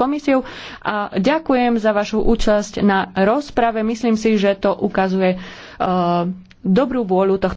komisiou a ďakujem za vašu účasť na rozprave. Myslím si, že to ukazuje eh, dobrú vôľu tohto